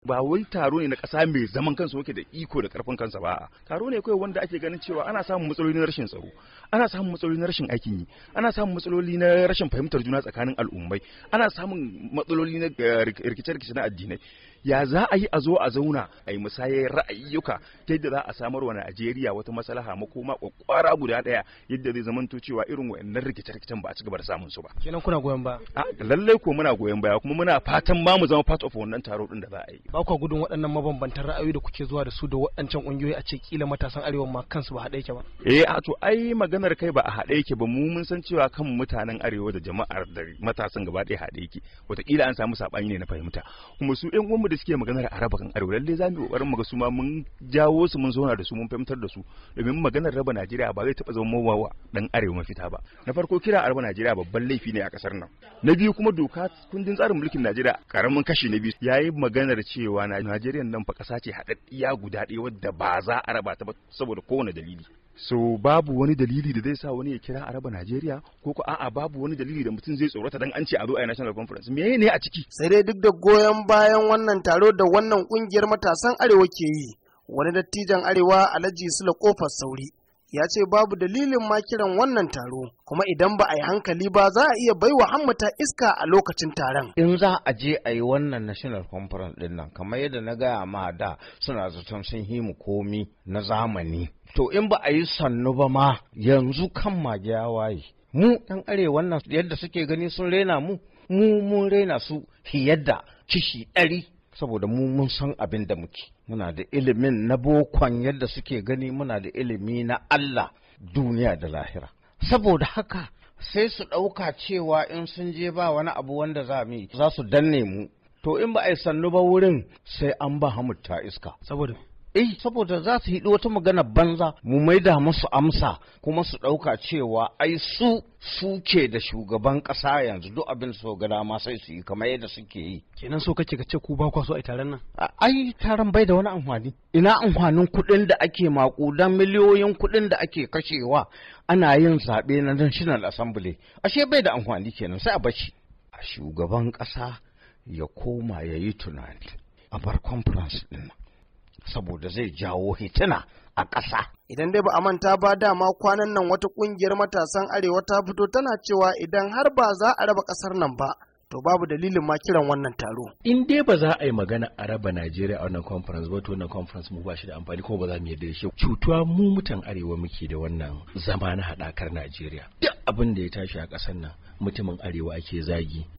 ba wai taro ne na ƙasa mai zaman kansa wake da iko da ƙarfin kansa ba taro ne kawai wanda ake ganin cewa ana samun matsaloli na rashin tsaro ana samun matsaloli na rashin aikin yi ana samun matsaloli na rashin fahimtar juna tsakanin al'ummai ana samun matsaloli na eh, rikice-rikice na addinai ya za a yi a zo a zauna a yi musayar ra'ayyuka ta yadda za a samar wa Najeriya wata maslaha makoma kwakwara guda ɗaya yadda zai zamanto cewa irin wayannan rikice-rikicen ba a ci gaba da samun su ba kenan kuna goyon ba a lallai ko muna goyon baya kuma muna fatan ba mu zama part of wannan taro din da za a yi ba kwa gudun waɗannan mabambantan ra'ayoyi da kuke zuwa da su da waɗancan ƙungiyoyi a ce kila matasan arewa ma kansu ba haɗe ke ba eh a to ai maganar kai ba a haɗe ke ba mu mun san cewa kan mutanen arewa da jama'ar da matasan gaba ɗaya haɗe ke wataƙila an samu saɓani ne na fahimta kuma su ƴan uwanmu da suke maganar araba kan arewa lallai za mu ƙoƙarin mu ga su ma mun jawo su mun zauna da su mun fahimtar da su domin maganar raba Najeriya ba zai taɓa zama wa ɗan arewa mafita ba na farko kira araba Najeriya babban laifi ne a ƙasar nan na biyu kuma doka kundin tsarin mulkin Najeriya ƙaramin kashi na biyu yi maganar ce cewa Najeriya nan fa ƙasa ce haɗaɗɗiya guda ɗaya wadda ba za a raba ta ba saboda kowane dalili. So babu wani dalili da zai sa wani ya kira a raba Najeriya ko ko a'a babu wani dalili da mutum zai tsorata dan an ce a zo a national conference me ne a ciki? Sai dai duk da goyon bayan wannan taro da wannan kungiyar matasan arewa ke yi wani dattijan arewa Alhaji Sula Kofar Sauri ya ce babu dalilin ma kiran wannan taro kuma idan ba a yi hankali ba za a iya baiwa hammata iska a lokacin taron. In za a je a yi wannan national conference din nan kamar yadda na gaya ma da suna zaton sun yi mu komi na zamani. To in ba a yi sannu ba ma yanzu kan mage ya waye. Mu ɗan arewa wannan yadda suke gani sun rena mu, mu mun rena su yadda kishi ɗari. saboda mu mun san abin da muke muna da ilimin na bokon yadda suke gani muna da ilimi na Allah duniya da lahira saboda haka sai su ɗauka cewa in sun je ba wani abu wanda za mu za su danne mu to in ba a yi sannu ba wurin sai an ba hamuta iska saboda eh saboda za su hiɗi wata magana banza mu maida musu amsa kuma su ɗauka cewa ai su suke da shugaban ƙasa yanzu duk abin so ga dama sai su yi kamar yadda suke yi kenan so kake ce ku ba kwa so ai taron nan ai taron bai da wani amfani ina amfanin kuɗin da ake maƙudan miliyoyin kuɗin da ake kashewa ana yin zaɓe na national assembly ashe bai da amfani kenan sai a bashi a shugaban ƙasa ya koma ya yi tunani a bar conference nan saboda zai jawo hituna a ƙasa. Idan dai ba a manta ba dama kwanan nan wata ƙungiyar matasan arewa ta fito tana cewa idan har ba za a raba ƙasar nan ba, to babu dalilin ma kiran wannan taro. In dai ba za a yi magana a raba Najeriya a wannan conference ba to wannan conference mu ba shi da amfani ko ba za mu yarda da shi. Cutuwa mu mutan arewa muke da wannan zama na haɗakar Najeriya. Duk abin da ya tashi a ƙasar nan mutumin arewa ake zagi.